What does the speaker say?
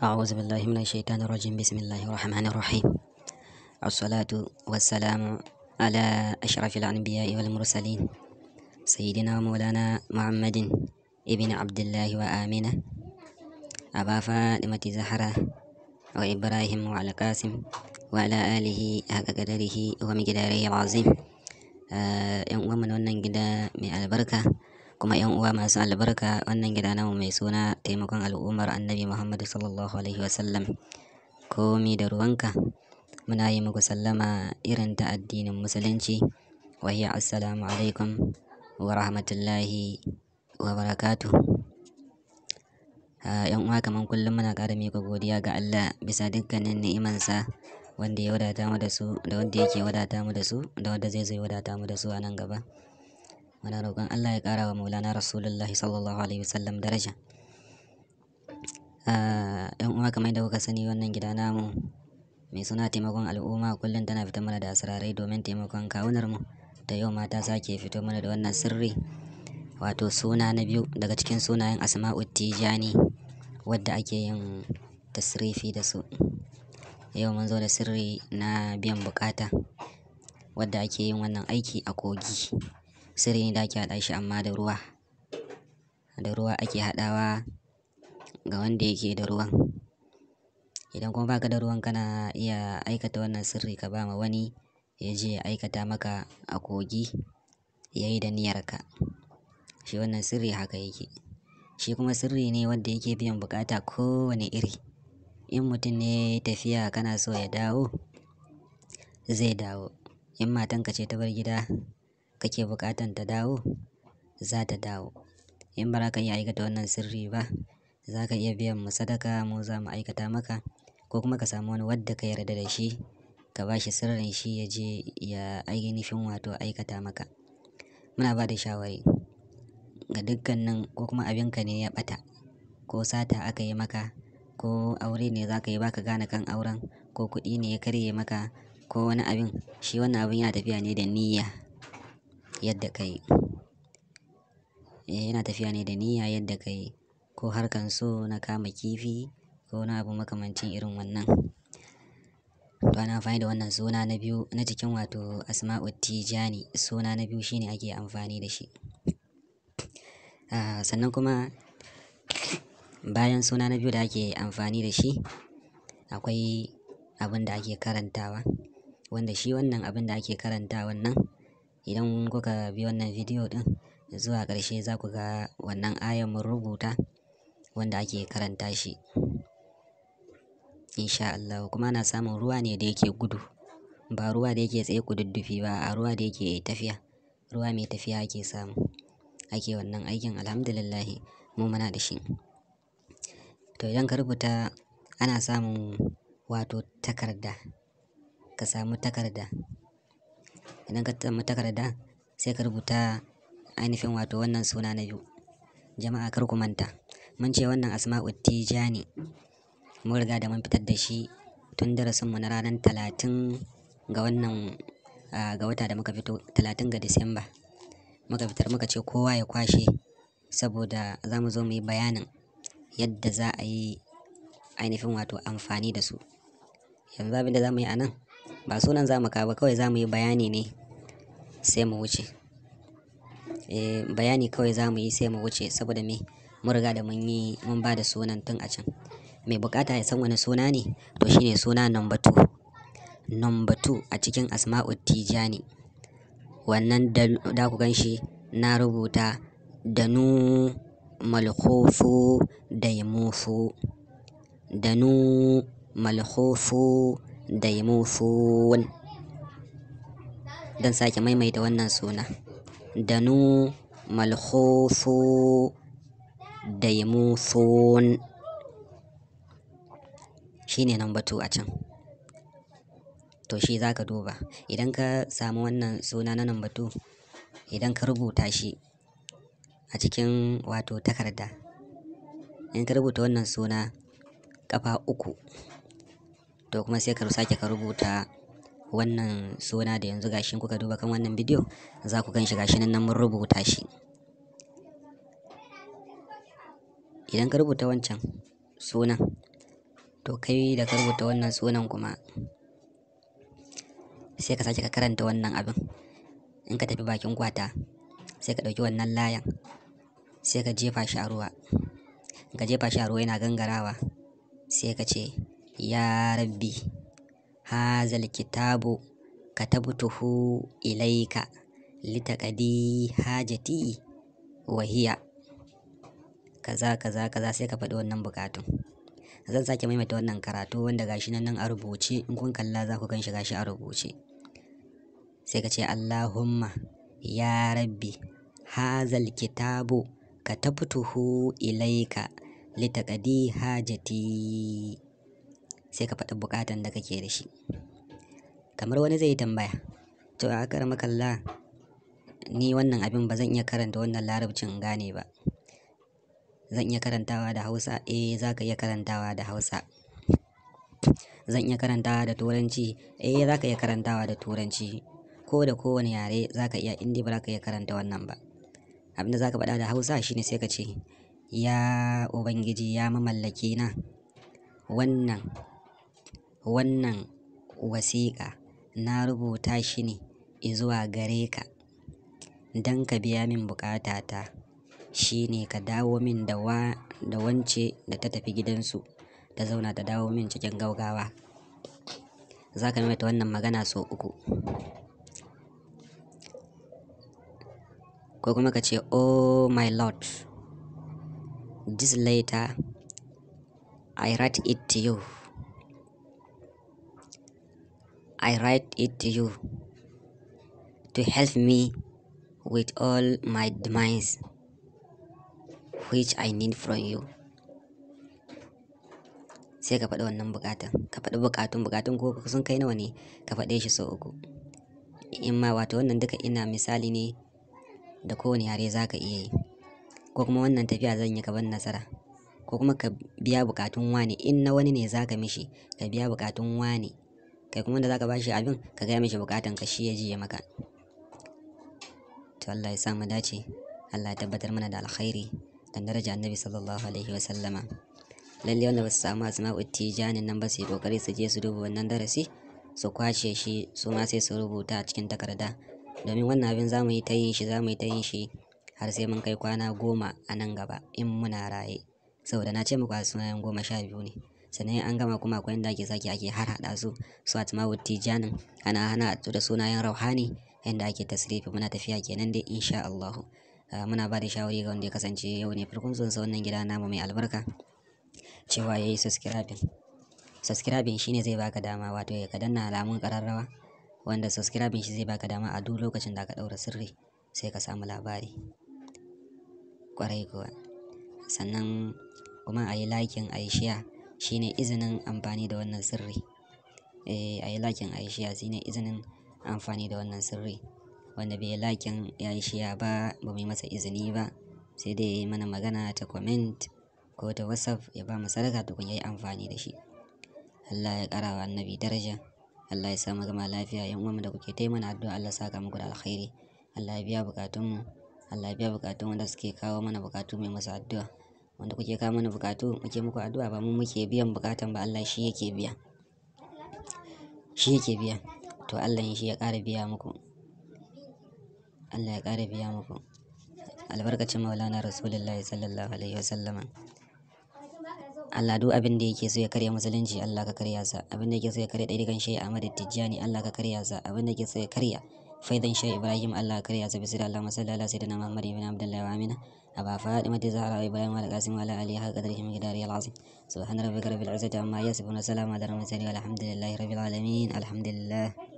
أعوذ بالله من الشيطان الرجيم بسم الله الرحمن الرحيم الصلاة والسلام على أشرف الأنبياء والمرسلين سيدنا مولانا محمد ابن عبد الله وآمنة أبا فاطمة زهرة وإبراهيم وعلى قاسم وعلى آله حق قدره ومقداره العظيم أه يوم من ونن جدا من البركة kuma 'yan uwa masu albarka wannan gida namu mai suna taimakon al'ummar annabi Muhammadu sallallahu alaihi wasallam komi da ruwanka muna yi muku sallama irin ta addinin musulunci wa hiya assalamu alaikum wa rahmatullahi wa barakatu. yan ah, uwa kaman kullum muna ƙara ka godiya ga Allah bisa dukkanin ni'imansa wanda ya wadata mu da su da wanda yake wadata mu da su da wanda zai zo wadata mu da su a nan gaba Muna roƙon Allah ya ƙara wa Maulana Rasulullahi sallallahu alaihi wasallam daraja. ‘Yan ah, uwa kamar da kuka sani wannan gida namu mai suna taimakon al'umma kullum tana fitar mana da asirarai domin taimakon kawunar mu da yau mata ta sake fito mana da wannan sirri wato suna na biyu daga cikin sunayen Asma'u Tijani wadda ake yin tasrifi da su. Yau mun zo da sirri na biyan buƙata wadda ake yin wannan aiki a Kogi. sirri da ake haɗa shi amma da ruwa. Da ruwa ake haɗawa ga wanda yake da ruwan. Idan kuma baka da ruwan kana iya aikata wannan sirri ka ba ma wani ya je ya aikata maka a kogi ya yi da niyarka. Shi wannan sirri haka yake. Shi kuma sirri ne wanda yake biyan bukata kowane iri. In mutum ne tafiya kana so ya dawo zai dawo. In matanka ce ta bar gida kake buƙatan ta dawo, za ta dawo. In ba za ka iya aikata wannan sirri ba, za ka iya biyan mu sadaka mu za mu aikata maka ko kuma ka samu wani wadda ka yarda da shi ka ba shi sirrin shi ya je ya ainihin wato aikata maka. Muna ba da shawari ga dukkanin ko kuma abinka ne ya ɓata ko sata aka yi maka ko aure ne za ka yi ba ka gane kan auren ko kuɗi ne ya karye maka ko wani abin, shi wannan abin yana tafiya ne da niyya. yadda ka yi. yana eh, tafiya ne da niyya yadda ka yi ko harkan so na kama kifi ko wani abu makamancin irin wannan. To ana amfani da wannan suna na biyu na jikin wato Asma'ut Tijani. Suna na biyu shine ake amfani da shi. Ah, sannan kuma bayan suna na biyu da ake amfani da shi akwai abin da ake karantawa. Wanda shi wannan abin da ake karantawan nan Idan kuka bi wannan bidiyo din zuwa ƙarshe za ku ga wannan ayan mun rubuta wanda ake karanta shi insha Allah Kuma ana samun ruwa ne da yake gudu ba ruwa da yake tsaye kududdufi ba a ruwa da yake tafiya. Ruwa mai tafiya ake samu ake wannan aikin. Alhamdulillah mu muna da shi. To idan ka rubuta ana samun wato takarda ka samu takarda. Idan ka samu takarda sai ka rubuta ainihin wato wannan suna na biyu. Jama'a kar ku manta. Mun ce wannan Asma'u Tijani mun riga da mun fitar da shi tun darasin mu na ranar talatin ga wannan, ga wata da muka fito talatin ga Disamba. Muka fitar muka ce kowa ya kwashe saboda za mu zo mu yi bayanin yadda za a yi ainihin wato amfani da su. Yanzu abin da za mu yi a nan. ba sunan za mu kawo ba kawai za mu yi bayani ne sai mu wuce eh bayani kawai za mu yi sai mu wuce saboda me mun riga da mun yi mun ba da sunan tun a can mai bukata ya san wani suna ne to shine suna number 2 number 2 a cikin asma'u tijani wannan da ku gan shi na rubuta danu malkhufu daimufu danu malkhufu daimusun. Dan sake maimaita wannan suna. Danu malhusu daimusun. Shi ne nan batu a can. To shi za ka duba. Idan ka samu wannan suna na nan batu idan ka rubuta shi a cikin wato takarda, in ka rubuta wannan suna kafa uku. to kuma sai ka sake ka rubuta wannan suna da yanzu gashi kuka duba kan wannan bidiyo za ku gan shi gashi nan mun rubuta shi idan ka rubuta wancan sunan to kai da ka rubuta wannan sunan kuma sai ka sake ka karanta wannan abin in ka tafi bakin kwata sai ka ɗauki wannan layan sai ka jefa shi a ruwa ka jefa shi a ruwa yana gangarawa sai ka ce Ya Rabbi, hazal kitabu hu ilaika litaqadi hajati wa kaza kaza kaza sai ka faɗi wannan bukatun. Zan sake maimaita wannan karatu wanda gashi nan a rubuce in kun kalla za ku gan shi gashi a rubuce. Sai ka ce Allahumma ya Rabbi hazal kitabu katabtuhu ilaika litaqadi hajati. sai ka faɗi buƙatan da kake da shi kamar wani zai yi tambaya to a kalla ni wannan abin ba zan iya karanta wannan larabcin gane ba zan iya karantawa da hausa eh za ka iya karantawa da hausa zan iya karantawa da turanci eh za ka iya karantawa da turanci ko da kowane yare za ka iya inda ba za ka iya karanta wannan ba abinda za ka faɗa da hausa shine sai ka ce ya ubangiji ya mamallake na wannan Wannan wasiƙa na rubuta shi ne izuwa gare ka don ka biya min buƙatata. Shi ne ka dawo min da wance da ta tafi gidansu ta zauna ta dawo min cikin gaugawa. Za ka mata wannan magana sau uku. Ko kuma ka ce "Oh my lord, this letter I write it to you. I write it to you to help me with all my demands which I need from you. Sai ka faɗi wannan buƙatan, ka faɗi buƙatun buƙatun ko sun kai nawa ne ka faɗe shi sau uku. In ma wato wannan duka ina misali ne da kowane yare za ka iya yi, ko kuma wannan tafiya zan yi ka ban nasara, ko kuma ka biya buƙatun wane in na wani ne za ka mishi, ka biya buƙatun wane. kai kuma wanda zaka bashi abin ka gaya mishi bukatan ka shi ya ji ya maka to Allah ya sa mu dace Allah ya tabbatar mana da alkhairi dan daraja annabi sallallahu alaihi wa sallama lalle wanda ba su samu asma'u tijanin nan ba su yi kokari su je su duba wannan darasi su kwashe shi su ma sai su rubuta a cikin takarda domin wannan abin za mu yi ta yin shi za mu yi ta yin shi har sai mun kai kwana goma a nan gaba in muna raye saboda na ce muku a sunayen goma sha biyu ne sannan an gama kuma akwai inda ake sake ake harhaɗa su su atmawut tijanin ana hana da sunayen rauhani yanda ake tasrifi muna tafiya kenan dai insha Allah ah, muna ba da shawari ga wanda ya kasance yau ne farkon zuwan sa wannan gida namu mai albarka cewa yayi subscribing subscribing shine zai baka dama wato ka danna alamun kararrawa wanda subscribing shi zai baka dama a duk lokacin da ka daura sirri sai ka samu labari kwarai kuwa sannan kuma a yi liking a share shine izinin amfani da wannan sirri. Eh, ayi lakin shine izinin amfani da wannan sirri. Wanda bai lakin ya ba, ba mai masa izini ba, sai dai ya yi mana magana ta comment ko ta WhatsApp ya ba mu sadaka tukun ya yi amfani da shi. Allah ya karawa annabi daraja. Allah ya sa mu gama lafiya. 'Yan mu da kuke tayi mana addu'a Allah saka muku da alkhairi. Allah ya biya bukatunmu. Allah ya biya bukatun wanda suke kawo mana bukatu mai masu addu'a. wanda kuke kawo mana bukatu muke muku addu'a ba mu muke biyan bukatan ba Allah shi yake biya shi yake biya to Allah shi ya ƙara biya muku Allah ya ƙara biya muku albarkacin maulana rasulullahi sallallahu alaihi wasallam Allah duk abin da yake so ya karya musulunci Allah ka karya sa abin da yake so ya karya ɗaiɗikan shi Ahmad Tijjani Allah ka karya sa abin da yake so ya karya faidan shi Ibrahim Allah ka karya sa bisira Allah masallala ala sayyidina Muhammad ibn Abdullah wa amina أبا فاطمة زهرة إبراهيم وعلى القاسم وعلى علي حق قدره قداري العظيم سبحان ربك رب العزة عما يصفون وسلام على المرسلين والحمد لله رب العالمين الحمد لله